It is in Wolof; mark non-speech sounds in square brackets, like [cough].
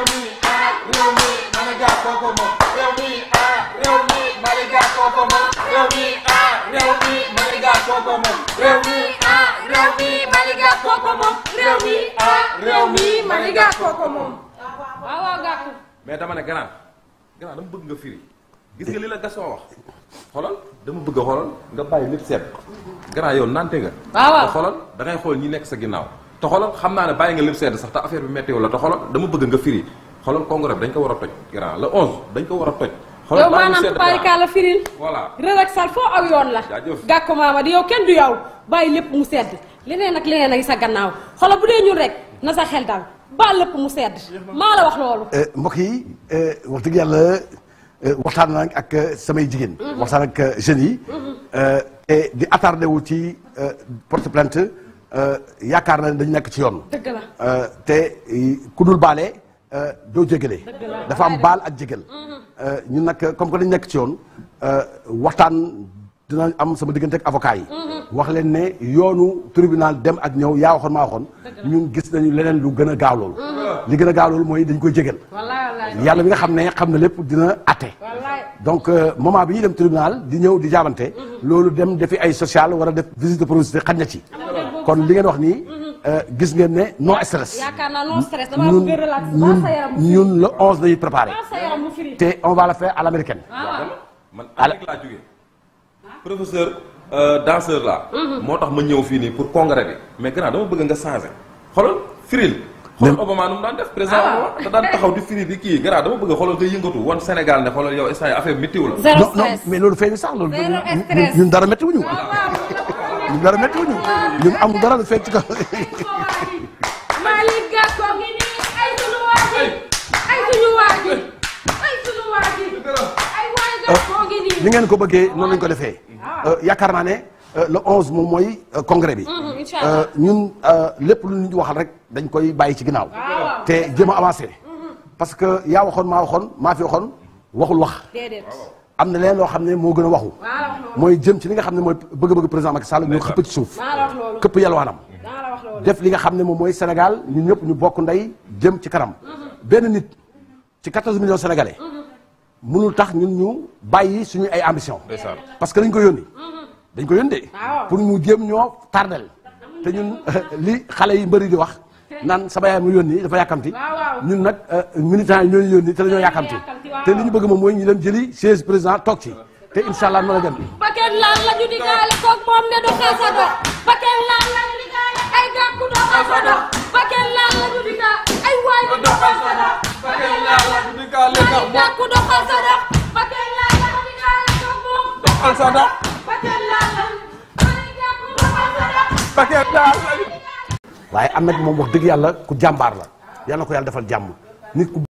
Reunir, reunir, manegar com comum. Reunir, reunir, manegar com comum. Reunir, reunir, manegar com comum. Reunir, reunir, manegar com comum. Reunir, reunir, manegar com comum. waaw waaw gàkku. mais dama ne gannaaw gannaaw dama bëgg nga firi gis nga li la gasoo wax xoolal dama bëgg a nga bàyyi lépp seet gannaaw yow nante nga. waaw waaw te da ngay xool ñi nekk sa ginnaaw. te xam naa ne bàyyi nga lépp seet sax te affaire bi te dama bëgg nga firi. xoolal congrès bi dañ ko war a toj grand le 11 dañ ko war a toj. yow maanaam paarikaal firil. voilà relaxal foo aw yoon la. jaajëf gàkko yow kenn du yow bàyyi lépp mu sedd leneen ak leneen ak sa gannaaw xoolal bu dee ñun rek na sa xel dal baal lépp mu sedd maa la wax loolu. Eh, mbokk yi eh, wax dëgg yàlla eh, waxtaan naa ak samay jigéen. Mhm. waxtaan ak jeunes yi. te mhm. di attardé wu ci porte plainte yaakaar na dañu nekk ci yoon. dëgg la te ku dul baale. Euh, doo jégalee dafa am baal ak jégal euh, ñun nag comme que dañ nekk ci yoon euh, waxtaan dina am sama diggante ak avocat yi wax leen ne yoonu tribunal dem ak ñëw yaa waxoon maa waxoon ñun gis nañu leneen lu gën a gaaw loolu li gën a gaaw mooy dañ koy jégal yàlla mi nga xam ne xam na lépp dina atte donc moment bi ñuy dem tribunal di ñëw di jaabante loolu dem defi ay social war a def visite de proximité xaj na ci kon li ngeen wax nii Euh, gis ngeen ne non stress. yaakaar naa non stress dama bëgg relax ba sa yaram ñun le 11 dañuy préparé. te on va la faire à l'américaine. Ah, man Amérique laa jógee professeur euh, danseur laa. Mhm. moo tax ma ñëw fii nii pour congrès bi mais gannaaw dama bëgg nga changé xoolal firil. xool Obama nu mu daan def président ah. Obama da daan taxaw di firi di kii gannaaw dama bëgg xoolal nga yëngatu woon Sénégal ne xoolal yow instant affaire météo la. zéro stress non non mais loolu feeñ sax loolu. ñun dara météo ñu. Ah, nous dara métti wuñu ñun dara le 11 e euh, congrès bi. Mm-hmm, euh, ñun euh, lépp lu ñu waxal rek ah. mm-hmm. parce que yaa ma am na leen loo xam ne moo gën a waxu mooy jëm ci li nga xam ne mooy bëgg-bëgg président Macky Sall ñu xëpp ci suuf këpp yalwaanam def li nga xam ne moom mooy Sénégal ñu ñëpp ñu bokk ndey jëm ci kanam mm-hmm. benn nit ci 14 millions sénégalais mënul mm-hmm. tax ñun ñu bàyyi suñu ay ambition parce que dañ ko yónni mm-hmm. dañ ko yónnee ah pour mu jéem ñoo tardel te ñun [laughs] li xale di wax [laughs] naan sama yaay mu yónni dafa yàkkamti ah ñun nag euh, militants yi ñoo ñu yónni te dañoo yàkkamti té liñu bëgg moom mooy ñu dem jëli chaise président tok ci té inshallah allah dem. paquet lan laal la ñu di gaale koog moom ne du xeesa dox ba kenn la ñu di ay gàkku dox xeesa do paquet lan laal la ñu di ay way bi dox xeesa dox ba kenn laal la ñu di gaale ay gàkku do paquet lan ba kenn laal la ñu di gaale koog moom dox xeesa dox ba kenn laal la ay gàkku dox xeesa dox ba kenn laal la waaye Ahmed moom wax dëgg yalla ku jambar la yalla ko yalla defal jàmm nit ku